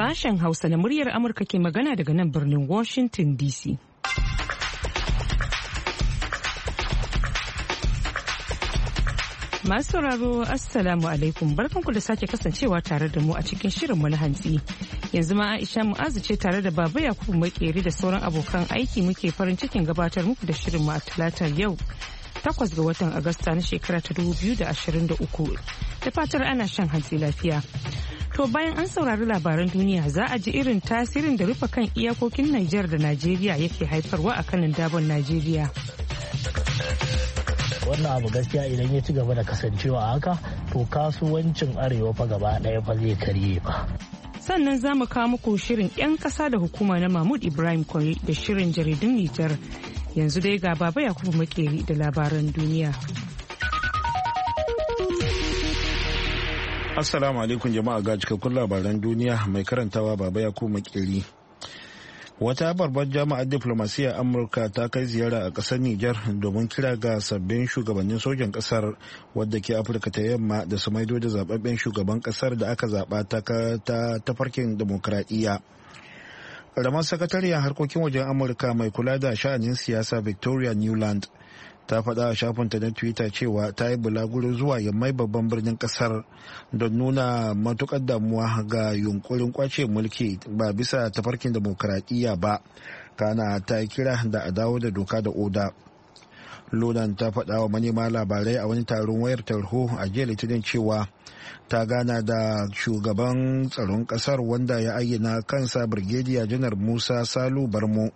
Sashen Hausa na muryar Amurka ke magana daga nan birnin Washington DC. Masu sauraro Assalamu alaikum barkanku da sake kasancewa tare da mu a cikin shirinmu na hantsi. Yanzu ma Aisha Mu'azu ce tare da Baba Yakubu Makeri da sauran abokan aiki muke farin cikin gabatar muku da shirin mu a talatar yau. Takwas ga watan Agusta na shekara ta 2023 da fatar ana shan hantsi lafiya. To bayan an saurari labaran duniya za a ji irin tasirin da rufe kan iyakokin Nijar da Najeriya yake haifarwa a kanin dabon Najeriya. wannan abu gaskiya idan ya ci gaba da kasancewa haka to kasuwancin arewa fa gaba ɗaya fa zai karye ba. sannan za mu kawo muku shirin 'yan ƙasa da hukuma na mahmud ibrahim kwari da shirin jaridun nijar yanzu dai ga baba yakubu makeri da labaran duniya. Assalamu alaikum jama'a ga cikakkun labaran duniya mai karantawa baba ya kuma kiri. Wata babbar jami'ar diplomasiyyar Amurka ta kai ziyara a ƙasar Nijar domin kira ga sabbin shugabannin sojan ƙasar wadda ke Afirka ta yamma da su maido da zababben shugaban ƙasar da aka zaba ta tafarkin demokradiyya. Ramar sakatariyar harkokin wajen Amurka mai kula da sha'anin siyasa Victoria Newland ta faɗa a shafinta na twitter cewa ta yi bulaguro zuwa yammai babban birnin ƙasar don nuna matuƙar damuwa ga yunkurin kwace mulki ba bisa tafarkin demokuraɗiyya ba kana ta kira da a dawo da doka da oda Lunan ta faɗa wa manema labarai a wani taron wayar tarho a jiya litinin cewa ta gana da shugaban tsaron ƙasar wanda ya ayyana kansa Birgediya janar Musa Salu Barmo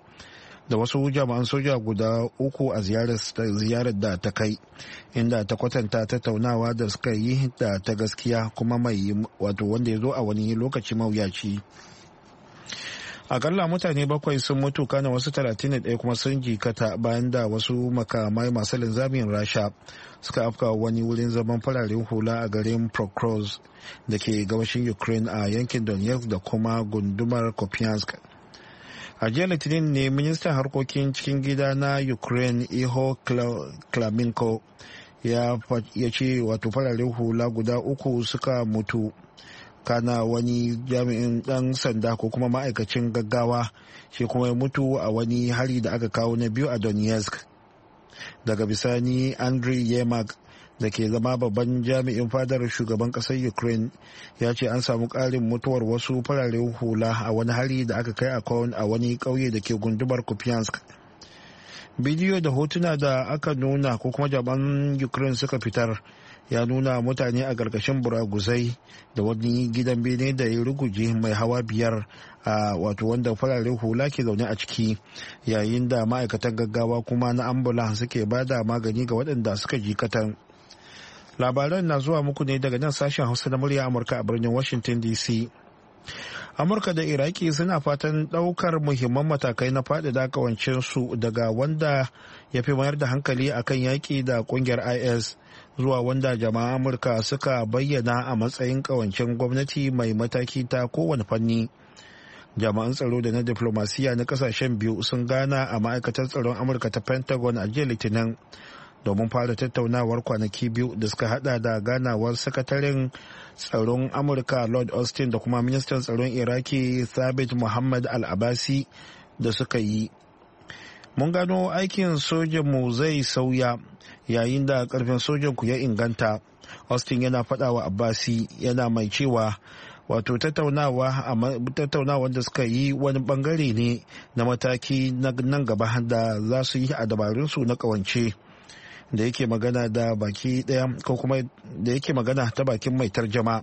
da wasu jama'an soja guda uku a ziyarar da ta kai inda ta kwatanta tattaunawa da suka yi da ta gaskiya kuma mai wato wanda ya zo a wani lokaci mawuyaci akalla mutane bakwai sun mutu kana wasu 31 kuma sun jikata bayan da wasu makamai masu linzamin rasha suka afka wani wurin zaman fararen hula a garin procross da ke gabashin ukraine a yankin donetsk da kuma gundumar kopiansk a jiya litinin ne ministan harkokin cikin gida na ukraine iho klaminko ya ce wato fararen hula guda uku suka mutu kana wani jami'in dan sanda ko kuma ma'aikacin gaggawa shi kuma ya mutu a wani hari da aka kawo na biyu a donetsk daga bisani andriy yemak da ke zama babban jami'in fadar shugaban kasar ukraine ya ce an samu ƙarin mutuwar wasu fararen hula a wani hari da aka kai a wani ƙauye da ke gundumar kupiansk bidiyo da hotuna da aka nuna ko kuma jaban ukraine suka fitar ya nuna mutane a ƙarƙashin buraguzai da wani gidan bene da ya ruguje mai hawa biyar a wato wanda fararen hula ke zaune a ciki yayin da ma'aikatan gaggawa kuma na ambula suke ba da magani ga waɗanda suka ji katan labaran na zuwa muku ne daga nan sashen hausa na murya amurka a birnin washington dc amurka da iraki suna fatan daukar muhimman matakai na faɗaɗa kawancinsu daga wanda ya fi mayar da hankali akan yaƙi da ƙungiyar is zuwa wanda jama'an amurka suka bayyana a matsayin kawancin gwamnati mai mataki ta kowane fanni jami'an tsaro da na diflomasiya na kasashen biyu sun gana a ma'aikatar tsaron amurka ta pentagon a jiya litinin domin fara tattaunawar kwanaki biyu da suka hada da ganawar sakataren tsaron amurka lord austin da kuma ministan tsaron iraki thabit muhammad al-abasi da suka yi mun gano aikin sojan mu zai sauya yayin da karfin sojan ku ya inganta austin yana fadawa wa abbasi yana mai cewa wato tattaunawa da suka yi wani bangare ne na mataki nan gaba da za su yi a dabarunsu na kawance da yake magana da baki daya ko kuma da yake magana ta bakin mai tarjama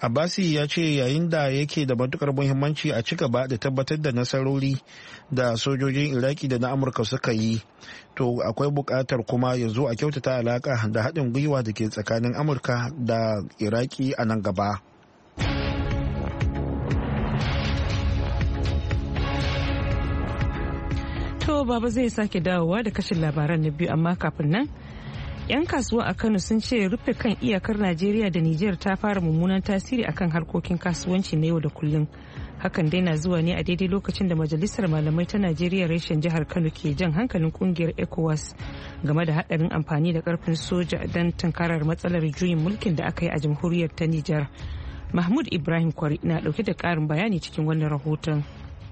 abasi ya ce yayin da yake da matukar muhimmanci a ci gaba da tabbatar da nasarori da sojojin Iraki da na Amurka suka yi, to akwai bukatar kuma ya zo a kyautata alaka da haɗin gwiwa da ke tsakanin Amurka da Iraki a nan gaba. To baba zai sake dawowa da kashin labaran na biyu amma kafin nan 'Yan kasuwa a Kano sun ce rufe kan iyakar Najeriya da Nijar ta fara mummunan tasiri akan harkokin kasuwanci na yau da kullum. Hakan dai na zuwa ne a daidai lokacin da Majalisar Malamai ta Najeriya reshen jihar Kano ke jan hankalin kungiyar ECOWAS game da hadarin amfani da karfin soja don tunkarar matsalar juyin mulkin da aka yi a jamhuriyar ta Nijar. Mahmud Ibrahim Kwari na dauke da ƙarin bayani cikin wannan rahoton.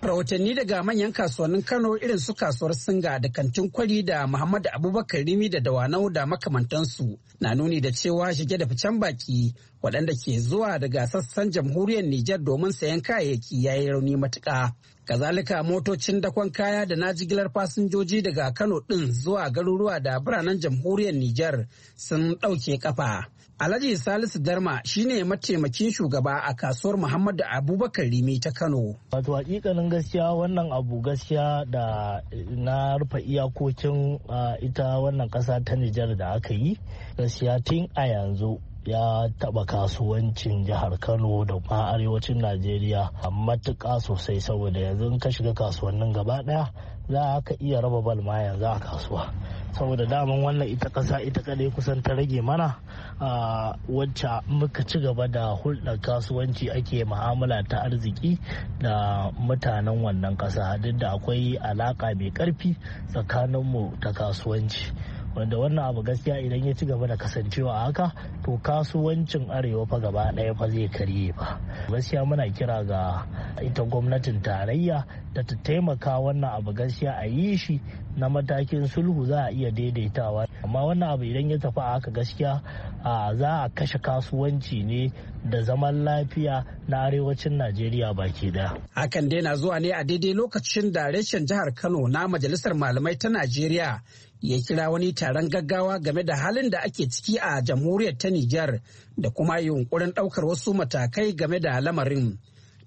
rahotanni daga manyan kasuwannin kano irin su kasuwar singa da kantin kwari da muhammadu abubakar rimi da dawanau da makamantansu na nuni da cewa shige da ficen baki waɗanda ke zuwa daga sassan jamhuriyar nijar domin sayan kayayyaki ya yi rauni matuƙa kazalika motocin dakon kaya da na jigilar fasinjoji daga kano ɗin zuwa garuruwa da biranen jamhuriyar nijar sun ɗauke kafa Alhaji Salisu Darma shine mataimakin shugaba a kasuwar Muhammadu Abubakar Rimi ta Kano. Wato hakikanin gaskiya wannan abu gaskiya da na rufe iyakokin ita wannan kasa ta Nijar da aka yi gaskiya tun a yanzu ya taba kasuwancin jihar kano da kuma arewacin najeriya matuƙa sosai saboda yanzu ka shiga kasuwannin gaba ɗaya za ka iya raba bal ma yanzu a kasuwa saboda daman wannan ita ƙasa ita kaɗai kusan ta rage mana a wacce muka ci gaba da hulɗar kasuwanci ake ma'amala ta arziki da mutanen wannan ƙasa duk da akwai alaƙa mai ƙarfi tsakaninmu ta kasuwanci. wanda wannan abu gaskiya idan ya ci gaba da kasancewa haka to kasuwancin arewa fa gaba ɗaya fa zai karye ba gaskiya muna kira ga ita gwamnatin tarayya da ta taimaka wannan abu gaskiya a yi shi na matakin sulhu za a iya daidaitawa amma wannan abu idan ya tafi a haka gaskiya za a kashe kasuwanci ne da zaman lafiya na arewacin najeriya baki daya hakan dai na zuwa ne a daidai lokacin da reshen jihar kano na majalisar malamai ta najeriya ya kira wani taron gaggawa game da halin da ake ciki a jamhuriyar ta Nijar da kuma yunkurin ɗaukar wasu matakai game da lamarin.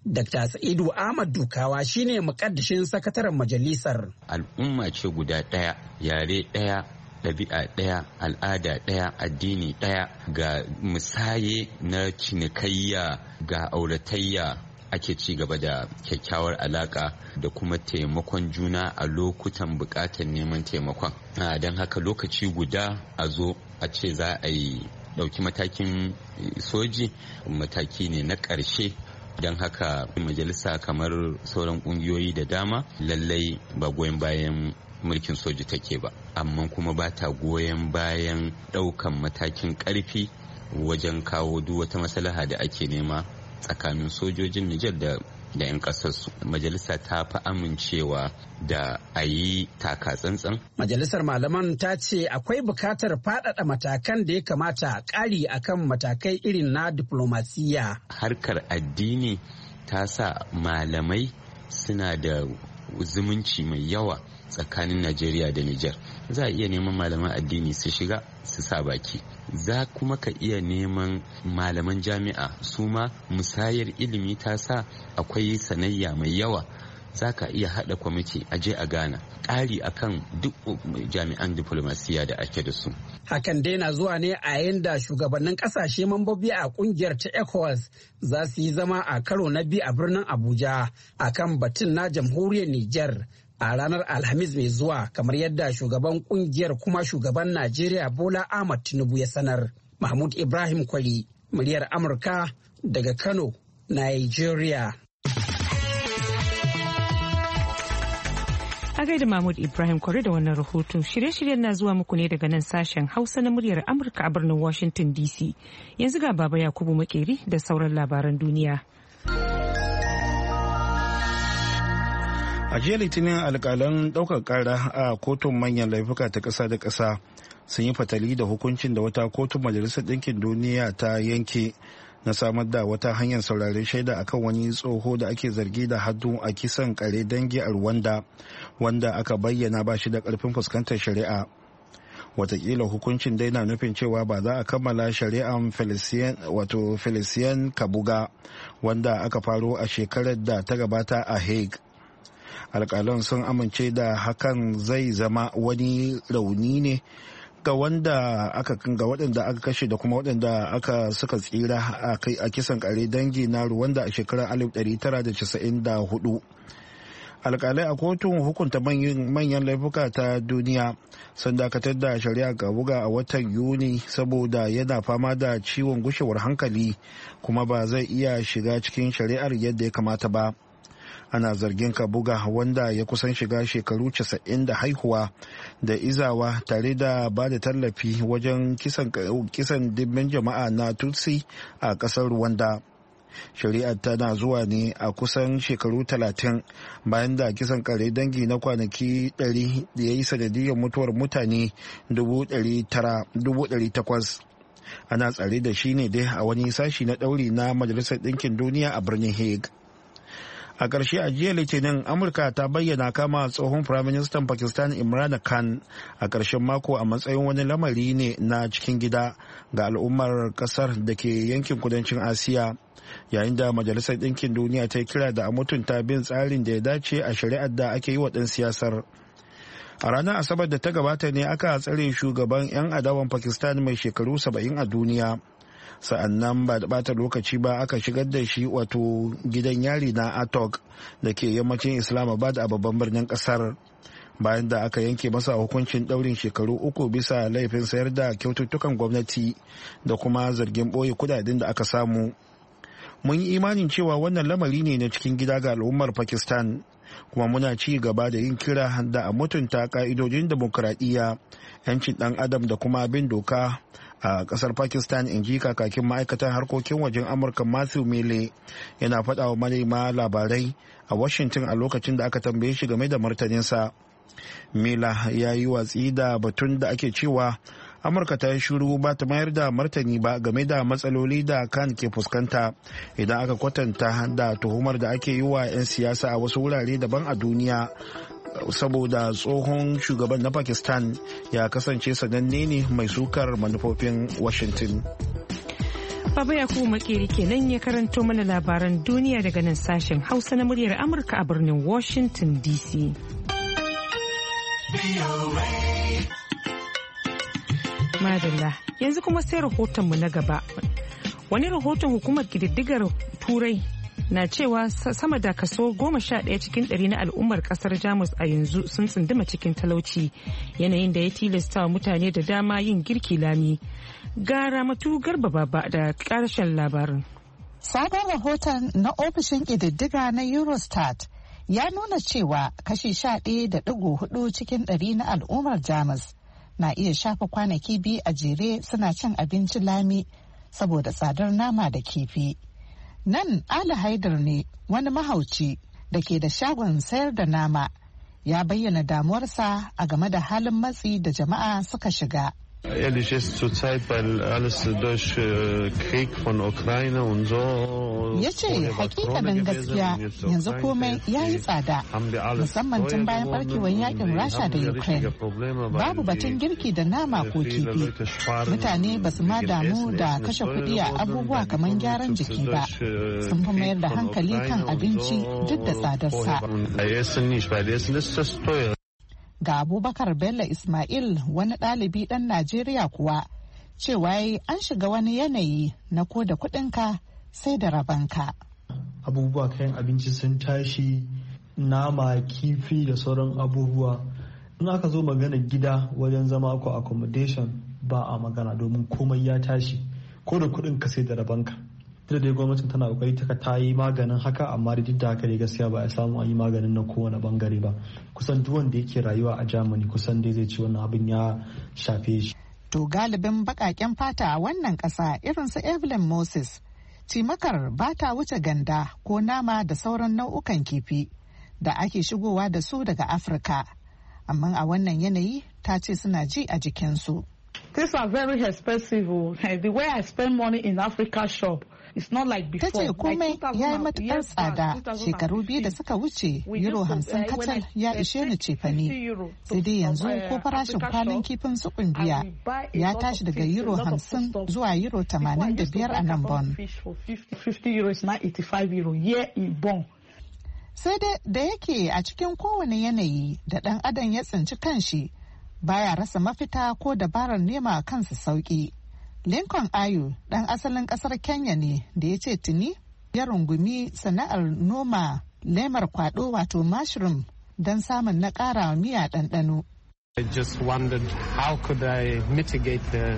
Dr. Sa'idu Ahmad Dukawa shine mukaddishin sakataren majalisar. Al'umma ce guda ɗaya, yare ɗaya, ɗabi'a ɗaya, al'ada ɗaya, addini ɗaya ga misaye na cinikayya ga auratayya ake ci gaba da kyakkyawar alaka da kuma taimakon juna a lokutan bukatar neman taimakon don haka lokaci guda a zo a ce za a yi ɗauki matakin eh, soji mataki ne na ƙarshe don haka majalisa kamar sauran ƙungiyoyi da dama lallai ba goyon bayan mulkin soji take ba amma kuma ba ta goyon bayan ɗaukan matakin ƙarfi wajen kawo duk wata maslaha da ake nema tsakanin sojojin Nijar da da 'yan kasarsu majalisa ta fi amincewa da a yi taka tsantsan. majalisar malaman ta ce akwai bukatar faɗaɗa matakan da ya kamata ƙari akan matakai irin na diplomasiya harkar addini ta sa malamai suna da zumunci mai yawa tsakanin najeriya da nijar za a iya neman malaman addini su shiga su sa baki za kuma ka iya neman malaman jami'a su ma musayar ilimi ta sa akwai sanayya mai yawa za ka iya haɗa kwamiti a je a Ghana ƙari akan duk jami'an diplomasiya da ake da su. Hakan dai na zuwa ne a yayin da shugabannin ƙasashe mambobi a ƙungiyar ta ECOWAS za su yi zama a karo na biyu a birnin Abuja akan batun na jamhuriyar Nijar a ranar Alhamis mai zuwa kamar yadda shugaban kungiyar kuma shugaban Najeriya Bola Ahmad Tinubu ya sanar. Mahmud Ibrahim Kwali, muryar Amurka daga Kano, Nigeria. A gaida Mahmud Ibrahim Kwari da wannan rahoton shirye-shiryen na zuwa muku ne daga nan sashen Hausa na muryar Amurka a birnin Washington DC. Yanzu ga Baba Yakubu Makeri da sauran labaran duniya. a jiya litinin alkalan ɗaukar ƙara a kotun manyan laifuka ta kasa da kasa sun yi fatali da hukuncin da wata kotun majalisar ɗinkin duniya ta yanke na samar da wata hanyar sauraren shaida a kan wani tsoho da ake zargi da haddu a kisan kare dangi a rwanda wanda aka bayyana ba shi da karfin fuskantar shari'a watakila hukuncin dai na nufin cewa ba za a kammala shari'an wato felician kabuga wanda aka faro a shekarar da ta gabata a hague alkalan sun amince da hakan zai zama wani rauni ne ga wanda aka ga waɗanda aka kashe da kuma waɗanda aka suka tsira a kisan kare dangi na ruwanda a shekarar 1994 alkalai a kotun hukunta manyan laifuka ta duniya sun dakatar da shari'a ga buga a watan yuni saboda yana fama da ciwon gushewar hankali kuma ba zai iya shiga cikin shari'ar yadda ya kamata ba. ana zargin kabuga wanda ya kusan shiga shekaru 90 da haihuwa da izawa tare da ba da tallafi wajen kisan dimbin jama'a na tutsi a kasar rwanda shari'ar tana zuwa ne a kusan shekaru 30 bayan da kisan kare dangi na kwanaki 100 da ya yi sanadiyar mutuwar mutane 1,800 ana tsare da shi ne dai a wani sashi na ɗauri na majalisar ɗinkin duniya a birnin hague a ƙarshe a jiya litinin amurka ta bayyana kama tsohon firaministan pakistan imran khan a ƙarshen mako a matsayin wani lamari ne na cikin gida ga al'ummar ƙasar da ke yankin kudancin asiya yayin da majalisar ɗinkin duniya ta kira da a mutunta bin tsarin da ya dace a shari'ar da ake yi wa ɗan siyasar a ranar asabar da ta gabata ne aka tsare shugaban 'yan adawan pakistan mai shekaru saba'in a duniya sa'annan ba da bata lokaci ba aka shigar da shi wato gidan yari na atok da ke yammacin islamabad a babban birnin kasar bayan da aka yanke masa hukuncin daurin shekaru uku bisa laifin sayar da kyaututtukan gwamnati da kuma zargin boye kudaden da aka samu mun yi imanin cewa wannan lamari ne na cikin gida ga al'ummar pakistan kuma muna ci gaba da yin kira da a mutunta ka'idojin demokuraɗiyya 'yancin ɗan adam da kuma bin doka a ƙasar pakistan in ji kakakin ma'aikatar harkokin wajen amurka matthew mele yana faɗa wa manema labarai a washington a lokacin da aka tambaye shi game da martaninsa mila ya yi watsi da batun da ake cewa amurka ta yi shuru ba ta mayar da martani ba game da matsaloli da kan ke fuskanta idan aka kwatanta da tuhumar da ake yi wa 'yan siyasa a wasu wurare daban a duniya saboda tsohon shugaban na pakistan ya kasance sananne ne mai sukar manufofin washington Baba Yakubu Makeri kenan ya karanto mana labaran duniya daga nan sashen Hausa na muryar Amurka a birnin Washington DC. Madalla yanzu kuma sai rahoton mu na gaba. Wani rahoton hukumar kididdigar Turai na cewa sama da kaso goma sha ɗaya cikin ɗari na al'ummar ƙasar Jamus a yanzu sun tsunduma cikin talauci yanayin da ya tilasta wa mutane da dama yin girki lami. Gara matu garba baba da ƙarshen labarin. Sabon rahoton na ofishin kididdiga na Eurostat ya nuna cewa kashi sha ɗaya da ɗigo hudu cikin ɗari na al'ummar Jamus na iya shafa kwanaki biyu a jere suna cin abinci lami saboda tsadar nama da kifi. Nan Ali Haidar ne wani mahauci da ke da shagon sayar da nama ya bayyana damuwarsa a game da halin matsi da jama'a suka shiga. Ehrlich ist zurzeit, weil alles durch äh, äh, Krieg von Ukraine und so. Ya ce gaskiya yanzu komai ya yi tsada musamman tun bayan barkewar yakin Rasha da Ukraine. Babu batun girki da nama ko kifi. Mutane ba su ma damu da kashe kuɗi a abubuwa kamar gyaran jiki ba. Sun fi mayar da hankali kan abinci duk da tsadarsa. ga abubakar bello ismail wani ɗalibi ɗan najeriya kuwa cewa an shiga wani yanayi na ko da kuɗinka sai da rabanka abubuwa kayan abinci sun tashi nama kifi da sauran abubuwa in aka zo magana gida wajen zama ko accommodation ba a magana domin komai ya tashi ko da ka sai da rabanka da dai gwamnatin tana kokari ta ta yi maganin haka amma duk da haka dai gaskiya ba a samu an yi maganin na kowane bangare ba kusan duk wanda yake rayuwa a Germany kusan dai zai ce wannan abin ya shafe shi to galibin bakaken fata a wannan kasa irin su Evelyn Moses cimakar ba ta wuce ganda ko nama da sauran nau'ukan kifi da ake shigowa da su daga Afirka amma a wannan yanayi ta ce suna ji a jikinsu. These are very expensive. Oh. The way I spend money in Africa shop it's not like before tace komai ya yi matukar tsada shekaru biyu da suka wuce euro uh, hamsin kacal ya ishe ni cefane sai dai yanzu uh, ko farashin kwanan kifin su kungiya ya tashi daga euro hamsin zuwa euro tamanin da biyar a nan bon sai dai da yake a cikin kowane yanayi da dan adam ya tsinci kanshi baya rasa mafita ko dabarar nema kansa sauki Lincoln ayo ɗan asalin ƙasar Kenya ne da ya ce tuni ya rungumi sana'ar noma lemar kwaɗo wato mushroom don samun na ƙara miya ɗanɗano. just wondered how could mitigate the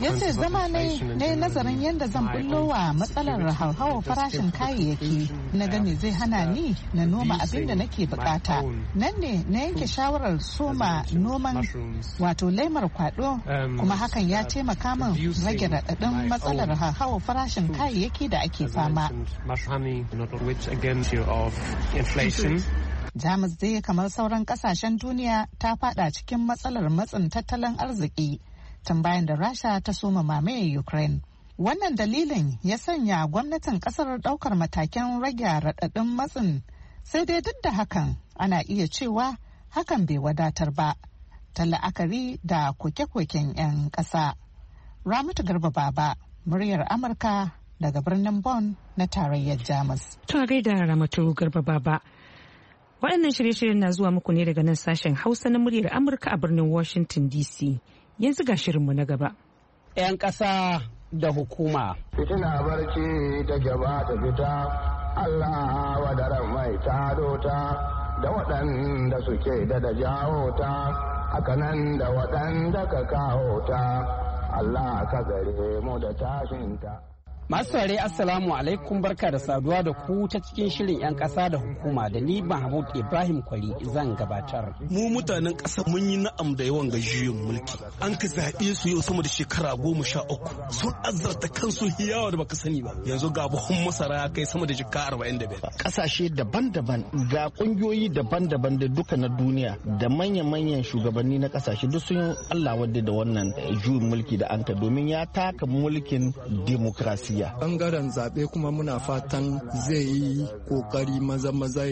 ya ce zama ne na nazarin yadda zan bullo wa matsalar hauhawar farashin kayayyaki na gane zai hana ni na noma abin da nake bukata nan ne na yanke shawarar soma noman wato laimar kwado um, kuma hakan ya uh, taimaka min rage raɗaɗin matsalar hauhawar farashin kayayyaki da ake fama Jamus dai kamar sauran kasashen duniya ta fada cikin matsalar matsin tattalin arziki tun bayan da Rasha ta soma mamaye Ukraine. Wannan dalilin ya sanya gwamnatin kasar daukar matakin rage raɗaɗin matsin sai dai duk da hakan ana iya cewa hakan bai wadatar ba ta la'akari da koke-koken 'yan ƙasa. Ramatu Garba Baba, muryar Amurka daga birnin Bonn na tarayyar Jamus. Tare da Ramatu Garba Baba. Waɗannan shirye-shiryen na zuwa muku ne daga nan sashen Hausa na muryar Amurka a birnin Washington DC. Yanzu ga shirinmu na gaba. 'Yan ƙasa da hukuma. Fitina barci da gaba da fita, Allah wadaran mai tado ta da waɗanda suke da da jawo ta, hakanan da waɗanda ka kawo ta, Allah ka gare mu da tashinta. Masu saurare Assalamu alaikum barka da saduwa da ku ta cikin shirin 'yan ƙasa da hukuma da ni Mahmud Ibrahim Kwari zan gabatar. Mu mutanen ƙasa mun yi na'am da yawan juyin mulki. An ka zaɓe su yau sama da shekara goma sha uku. Sun azarta kansu hiyawa da baka sani ba. Yanzu ga buhun masara ya kai sama da jika arba'in da biyar. Ƙasashe daban-daban ga ƙungiyoyi daban-daban da duka na duniya da manya-manyan shugabanni na ƙasashe duk sun Allah wadda da wannan eh, juyin mulki da an ka domin ya taka mulkin demokrasi. jam'iyya. Bangaren zaɓe kuma muna fatan zai yi ƙoƙari maza-maza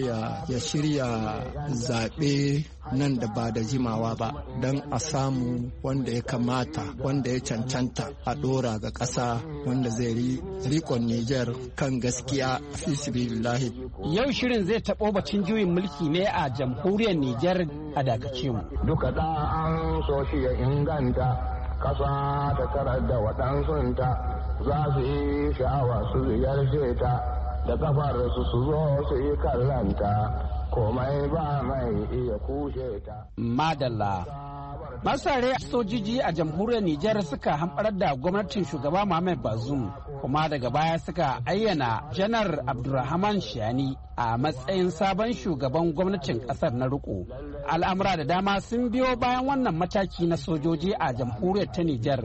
ya shirya zaɓe nan da ba da jimawa ba don a samu wanda ya kamata wanda ya cancanta a ɗora ga ƙasa wanda zai rikon Nijar kan gaskiya fisibillahi. Yau shirin zai taɓo bacin juyin mulki ne a jamhuriyar Nijar a dakace mu. Duka ɗan an so shi ya inganta kasa ta karar da waɗansunta za su yi sha'awa su ziyarce ta da kafar su su zo su yi kallanta komai ba mai iya kushe ta. Madalla. Masare sojiji a jamhuriyar Nijar suka hamɓarar da gwamnatin shugaba Muhammad Bazoum kuma daga baya suka ayyana janar Abdulrahman Shani a matsayin sabon shugaban gwamnatin ƙasar na riko. Al'amura da dama sun biyo bayan wannan mataki na sojoji a jamhuriyar ta Nijar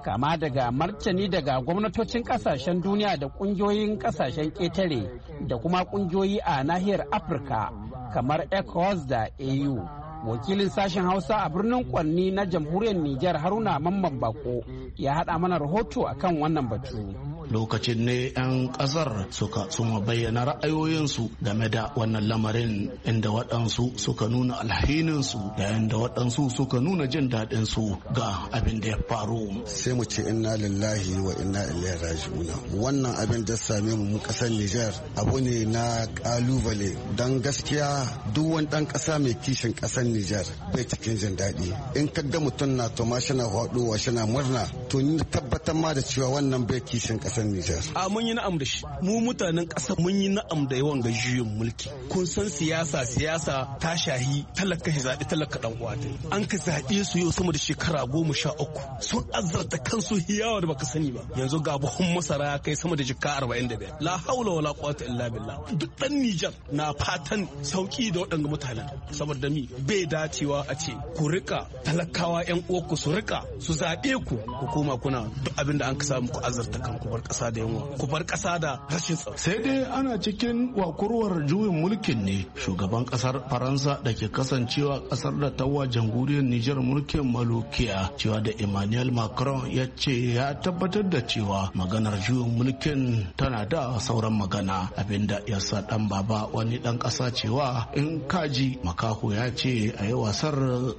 kama daga martani daga gwamnatocin kasashen duniya da kungiyoyin kasashen ketare da kuma kungiyoyi a nahiyar afirka kamar ecowas da au wakilin sashen hausa a birnin kwanni na jamhuriyar niger haruna mamman bako ya haɗa mana rahoto akan wannan batu lokacin ne 'yan kasar suka suma bayyana ra'ayoyinsu game da wannan lamarin inda waɗansu suka nuna alhininsu da inda waɗansu suka nuna jin daɗinsu ga abin da ya faru sai mu ce inna lillahi wa inna ilaihi raji'un wannan abin da same mu kasar Nijar abu ne na kalubale dan gaskiya duk wani dan kasa mai kishin kasar Nijar bai cikin jin daɗi in ka ga mutum na to ma shi na wa shi na murna to ni tabbatar ma da cewa wannan bai kishin kasar kasar Nijar. A mun yi na'am da shi. Mu mutanen ƙasa mun yi na'am da yawan ga juyin mulki. Kun san siyasa siyasa ta shahi talaka shi zaɓi talaka ɗan uwa An ka zaɓe su yau sama da shekara goma sha uku. Sun azarta kansu hiyawa da baka sani ba. Yanzu ga buhun masara ya kai sama da jika arba'in da biyar. La haula wala quwwata illa billah. Duk ɗan Nijar na fatan sauki da waɗanda mutanen. Saboda mi bai dacewa a ce ku rika talakawa 'yan ku su rika su zaɓe ku ku koma kuna duk abin an ka samu ku azarta kanku barka. kasa da yunwa ku bar ƙasa da rashin tsaro sai dai ana cikin wakurwar juyin mulkin ne shugaban ƙasar faransa da ke kasancewa ƙasar da tawa wa jamhuriyar nijar mulkin malukiya cewa da emmanuel macron ya ce ya tabbatar da cewa maganar juyin mulkin tana da sauran magana abinda ya sa dan baba wani dan ƙasa cewa in kaji makaho ya ce a yi wasar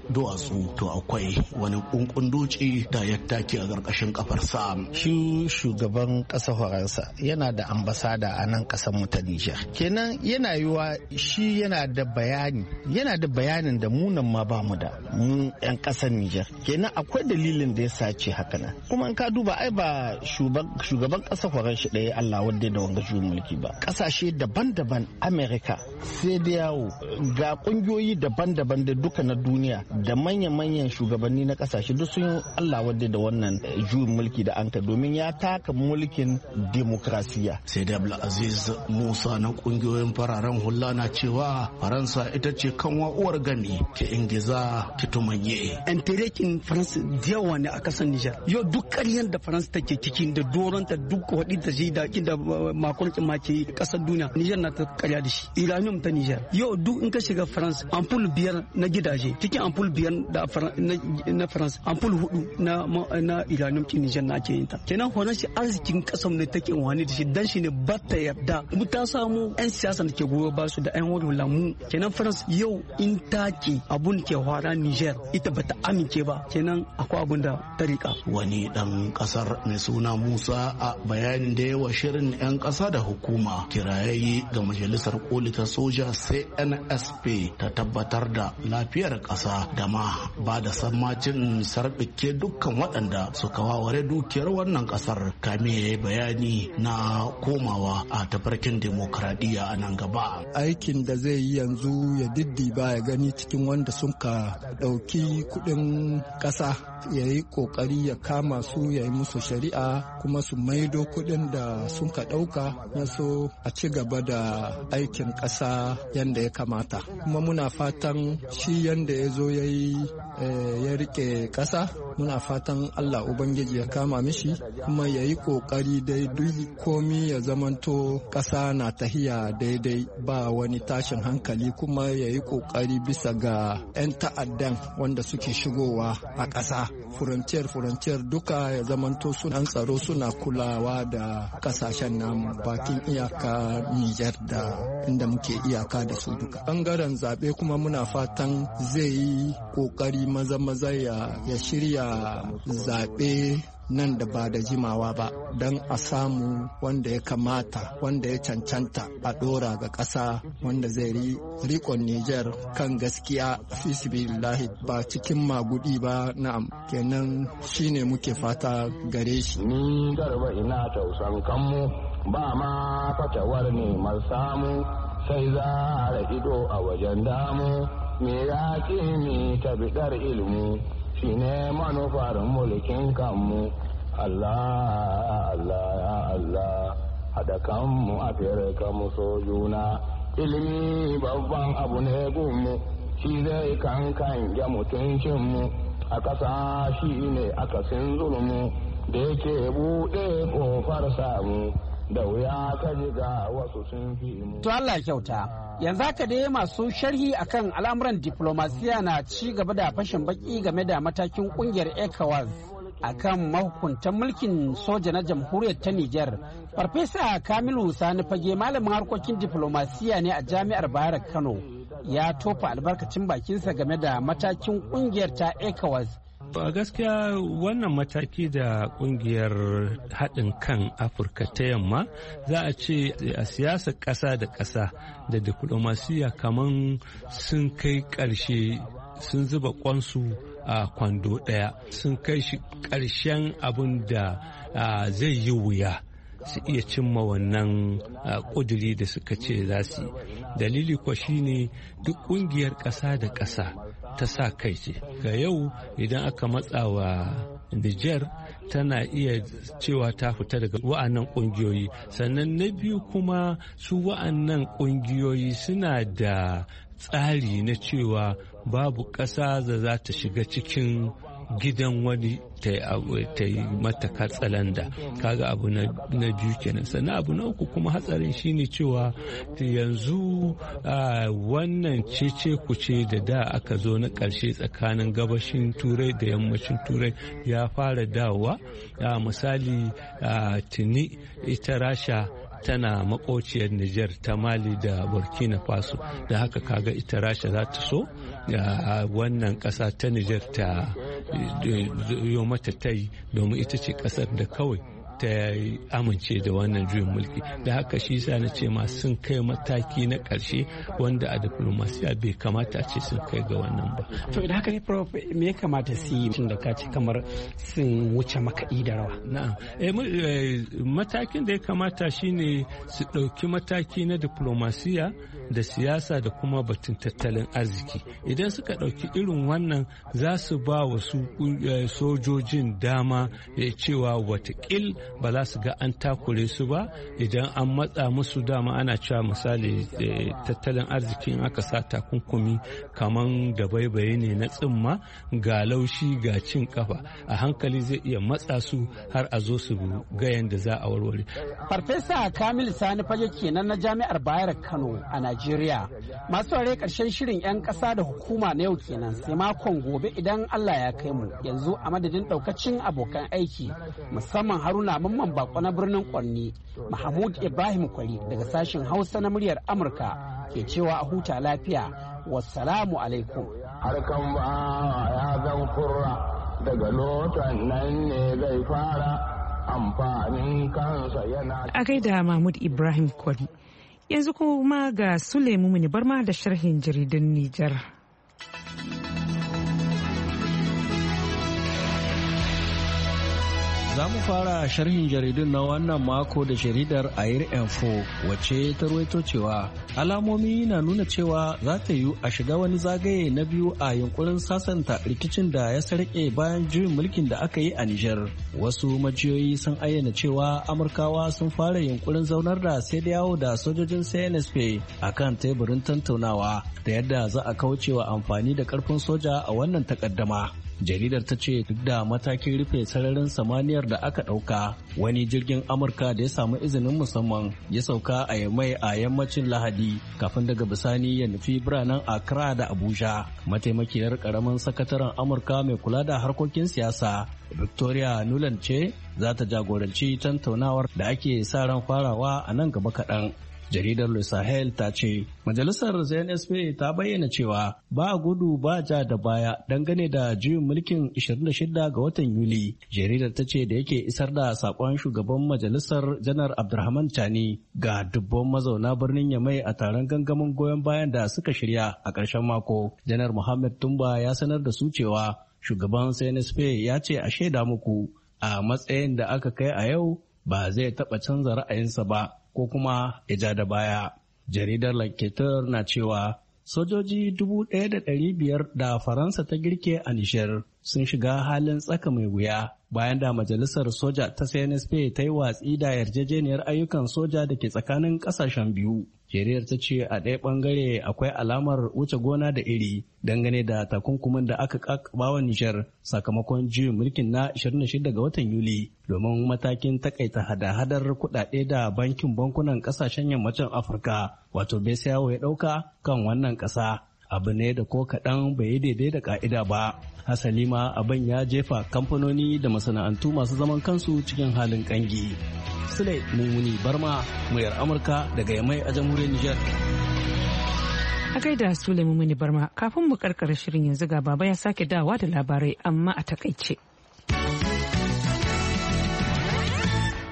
duwatsu to akwai wani kunkun doci da ya take a ƙarƙashin kafarsa shi shugaban can Faransa yana da ambasada a nan ƙasar mu ta Nijar. Kenan yana yiwa shi yana da bayani yana da bayanin da mu nan ma ba mu da mu 'yan ƙasar Nijar. Kenan akwai dalilin da ya sace haka nan. Kuma in ka duba ai ba shugaban ƙasa Faransa ɗaya Allah wanda da wanga juyin mulki ba. kasashe daban-daban Amerika sai da yawo ga ƙungiyoyi daban-daban da duka na duniya da manya-manyan shugabanni na ƙasashe duk sun Allah wanda da wannan eh, juyin mulki da anka domin ya taka mulki tafarkin demokrasiya. Sai da Aziz Musa na kungiyoyin fararen hula na cewa Faransa ita ce kanwa uwar gami ke ingiza ki tumanye. terekin Faransa da yawa ne a kasar Nijar. Yau duk ƙaryar da Faransa take cikin da doronta duk waɗi ta shi da da makonkin ma ke kasar duniya. Nijar na ta ƙarya da shi. Iranium ta Nijar. Yau duk in ka shiga Faransa ampul biyar na gidaje cikin ampul biyar da na Faransa ampul hudu na na Iranium kin Nijar na ke yin ta. Kenan horon shi arziki cikin kasan ne take wani da shi dan shi ne ba ta yarda mu ta samu yan siyasa da ke goyo ba su da yan wani lamu kenan France yau in take abun ke fara Niger ita bata amince ba kenan akwai abun da ta rika wani dan kasar mai suna Musa a bayanin da yawa shirin yan kasa da hukuma kirayayi ga majalisar koli ta soja CNSP ta tabbatar da lafiyar kasa da ma ba da sammacin sarbike dukkan waɗanda suka waware dukiyar wannan kasar kame ya bayani na komawa a tafarkin demokradiyya a nan gaba. Aikin da zai yi yanzu ya diddiba ya gani cikin wanda sun ka ɗauki kuɗin ƙasa ya yi ƙoƙari ya kama su ya yi musu shari'a kuma su maido kuɗin da sun ka ɗauka na so a ci gaba da aikin ƙasa yadda ya kamata. Kuma muna fatan shi yadda ya zo ya yi eh, ya riƙe ƙasa muna fatan Allah Ubangiji ya kama mishi kuma ya yi ƙoƙari kokari dai duk komi ya zamanto ƙasa na tahiya daidai ba wani tashin hankali kuma ya yi kokari bisa ga 'yan ta'addan wanda suke shigowa a ƙasa furanciyar furanciyar duka ya zamanto suna tsaro suna kulawa da ƙasashen namu bakin iyaka nijar da inda muke iyaka da su duka bangaren zaɓe kuma muna fatan zai yi kokari maza-maza ya shirya zaɓe nan da ba da jimawa ba don a samu wanda ya kamata wanda ya cancanta a ɗora ga ƙasa wanda zai rikon Nijar kan gaskiya fisibillahi ba cikin magudi ba na'am kenan shine muke fata gare shi. Ni garba ina tausan kanmu ba ma fatawar ne samu sai za a ido a wajen damu me ya ce ni ta ilmu shine manufar mulkin kanmu. Allah Allah ya Allah haɗa kanmu a kanmu so juna ilimi babban abu ne gunmu shi zai kankan ya mutuncinmu a ƙasa shi ne akasin zulmu da yake buɗe ƙofar samu da wuya ka ga wasu sun fi mu. To Allah kyauta. yanzu haka dai masu sharhi akan al'amuran diplomasiya na ci gaba da fashin baki game da matakin ƙungiyar ecowas akan mahukuntan mulkin soja na jamhuriyar ta Nijar. Farfesa Kamilu Sani fage malamin harkokin diflomasiya ne a jami'ar Bayar Kano ya tofa albarkacin bakinsa game da matakin kungiyar ta ECOWAS a gaskiya wannan mataki da kungiyar haɗin kan afirka ta yamma za a ce a siyasa ƙasa da ƙasa da diplomasiya kamar sun kai ƙarshe sun zuba ƙwansu a kwando ɗaya sun kai shi ƙarshen abin da zai yi wuya su iya cimma wannan ƙuduri da suka ce za su dalili kwa ne duk ƙungiyar ƙasa da ƙasa ta sa kai ce ga yau idan aka matsa wa Nijar tana iya cewa ta fita daga wa'annan ƙungiyoyi sannan na biyu kuma su wa'annan ƙungiyoyi suna da tsari na cewa babu ƙasa da za ta shiga cikin gidan wani ta yi mata katsalanda kaga abu na biyu kenan sannan abu na uku kuma hatsarin shine cewa yanzu wannan cece kuce da da aka zo na ƙarshe tsakanin gabashin turai da yammacin turai ya fara dawa misali tuni ita rasha tana makociyar Nijar ta Mali da Burkina Faso da haka kaga ita Rasha za ta so a wannan ƙasa ta Nijar ta eh, yi mata ta yi domin ita ce ƙasar da kawai ta amince da wannan juyin mulki da haka shi sa na ce ma sun kai mataki na ƙarshe wanda a diplomasiya bai kamata a ce sun kai ga wannan ba to da haka ne prof me ya kamata su yi tun da ka ce kamar sun wuce makaɗi da na'am eh, eh, matakin da ya kamata shine su ɗauki mataki na diplomasiya da siyasa da kuma batun tattalin arziki idan suka ɗauki irin wannan za su ba wa eh, sojojin dama cewa watakil ba za su ga an takure su ba idan an matsa musu dama ana cewa misali eh, tattalin arzikin aka sa takunkumi kaman da baibaye ne na tsimma ga laushi ga cin kafa a hankali zai iya matsa su har a zo su ga yadda za a warware. farfesa kamil sani fage kenan na jami'ar bayar kano a nigeria masu ware karshen shirin 'yan kasa da hukuma na yau kenan sai makon gobe idan allah ya kai mu yanzu a madadin daukacin abokan aiki musamman haruna mamman bako na birnin kwanni mahmud ibrahim kwari daga sashen hausa na muryar amurka ke cewa a huta lafiya wasalamu alaikum harkan ba ya zan kurra daga lotan nan ne zai fara amfanin kansa yana a gaida mahmud ibrahim kwari yanzu kuma ga sule mumini barma da sharhin jaridun nijar Za mu fara sharhin jaridun na wannan mako da jaridar Air Info wacce ta ruwaito cewa alamomi na nuna cewa za ta yiwu a shiga wani zagaye na biyu a yunkurin sasanta rikicin da ya sarke bayan juyin mulkin da aka yi a Nijar. Wasu majiyoyi sun ayyana cewa Amurkawa sun fara yunkurin zaunar da sai da yawo da sojojin CNSP a kan teburin tantaunawa da yadda za a wa amfani da karfin soja a wannan takaddama. jaridar ta ce duk da matakin rufe sararin samaniyar da aka ɗauka wani jirgin amurka da ya samu izinin musamman ya sauka a yamai a yammacin lahadi kafin daga bisani ya nufi biranen accra da abuja mataimakiyar karamin sakataren amurka mai kula da harkokin siyasa victoria nuland ce za ta jagoranci tantaunawar da ake sa ran farawa a nan gaba kaɗan jaridar le sahel ta ce majalisar cnsp ta bayyana cewa ba gudu ba ja da baya dangane da juyin mulkin 26 ga watan yuli jaridar ta ce da yake isar da sakon shugaban majalisar janar abdulrahman tani ga dubban mazauna birnin yamai a taron gangamin goyon bayan da suka shirya a ƙarshen mako janar Mohammed tumba ya sanar da su cewa shugaban cnsp ya ce a shaida muku a matsayin da aka kai a yau ba zai taɓa canza ra'ayinsa ba ko kuma ya ja da baya. Jaridar Lanketer na cewa sojoji dubu ɗaya da ɗari biyar da Faransa ta girke a Nishar sun shiga halin tsaka mai wuya bayan da majalisar soja ta CNSP ta yi watsi da yarjejeniyar ayyukan soja da ke tsakanin ƙasashen biyu. Shari'ar ta ce a ɗaya ɓangare akwai alamar wuce gona da iri dangane da takunkumin da aka kakabawa Nijar sakamakon juyin mulkin na 26 ga watan Yuli domin matakin takaita hada-hadar kuɗaɗe da bankin bankunan ƙasashen yammacin Afirka wato Besiyawo ya ɗauka kan wannan ƙasa. abu ne da ko kaɗan bai yi daidai da ka'ida ba hasali ma abin ya jefa kamfanoni da masana'antu masu zaman kansu cikin halin kangi sule mummuni barma muyar amurka daga yamai a jamhuriyar niger a gaida sule mummuni barma kafin mu karkara shirin yanzu ga baba ya sake dawa da labarai amma a takaice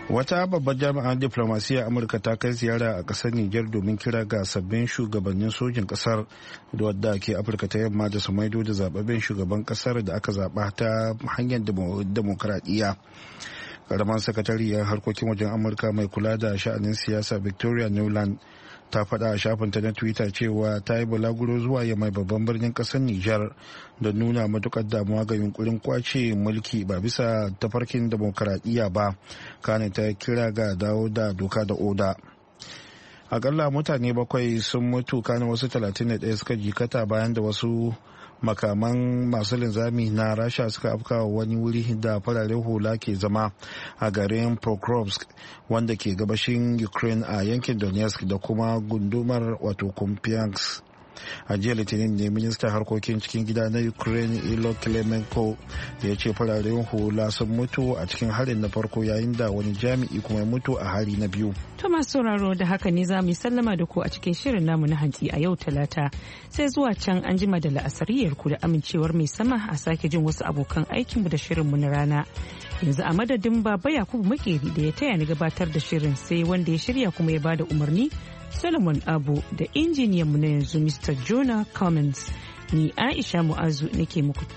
wata babbar jami'an diflomasiyyar amurka ta kai ziyara a kasar niger domin kira ga sabbin shugabannin sojin kasar da wadda ke afirka ta yamma da su maido da zababben shugaban kasar da aka zaba ta hanyar demokaradiyya karamar sakatariyar harkokin wajen amurka mai kula da sha'anin siyasa victoria newland ta faɗa a shafinta na twitter cewa ta yi bulaguro zuwa mai babban birnin ƙasar nijar da nuna matukar damuwa ga yunkurin kwace mulki ba bisa tafarkin demokaradiyya ba kane ta kira ga dawo da doka da oda akalla mutane bakwai sun mutu kane wasu 31 suka jikata bayan da wasu makaman masu linzami na rasha suka afka wani wuri da fararen hula ke zama a garin prokrovsk wanda ke gabashin ukraine a yankin donetsk da kuma gundumar wato kumpiansk a jiya litinin ne ministan harkokin cikin gida na ukraine ilo klemenko ya ce fararen hula sun mutu a cikin harin na farko yayin da wani jami'i kuma mutu a hari na biyu thomas sauraro da haka ne za mu yi sallama da ku a cikin shirin namu na hantsi a yau talata sai zuwa can an jima da la'asariyar ku da amincewar mai sama a sake jin wasu abokan aikinmu da shirinmu na rana yanzu a madadin baba yakubu makeri da ya taya ni gabatar da shirin sai wanda ya shirya kuma ya bada umarni Solomon Abu da injiniyanmu na yanzu Mr. Jonah Cummins. Ni Aisha Mu'azu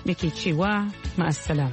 nake cewa ma'assalam.